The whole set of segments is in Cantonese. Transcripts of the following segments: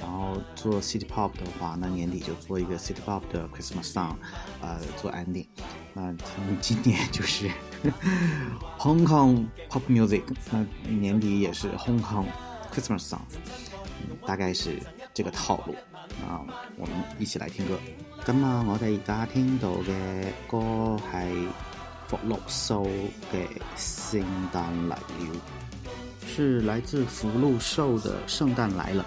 然後做 City Pop 的話，那年底就做一個 City Pop 的 Christmas Song，呃，做 ending。那們今年就是呵呵 Hong Kong Pop Music，那年底也是 Hong Kong Christmas Song，嗯、大概是這個套路，那我們一起來聽歌。咁啊，我哋而家聽到的歌係福祿壽嘅聖誕來了，是來自福祿壽的聖誕來了。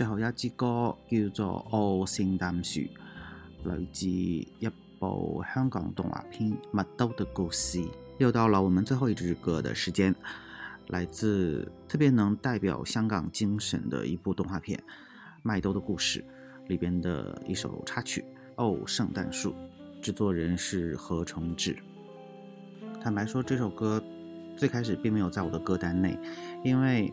最後一支歌叫做《噢聖誕樹》，來自一部香港動畫片《麥兜的故事》。又到了我們最後一支歌的時間，來自特別能代表香港精神的一部動畫片《麥兜的故事》裡邊的一首插曲《噢聖誕樹》，製作人是何崇志。坦白說，這首歌最開始並沒有在我的歌單內，因為，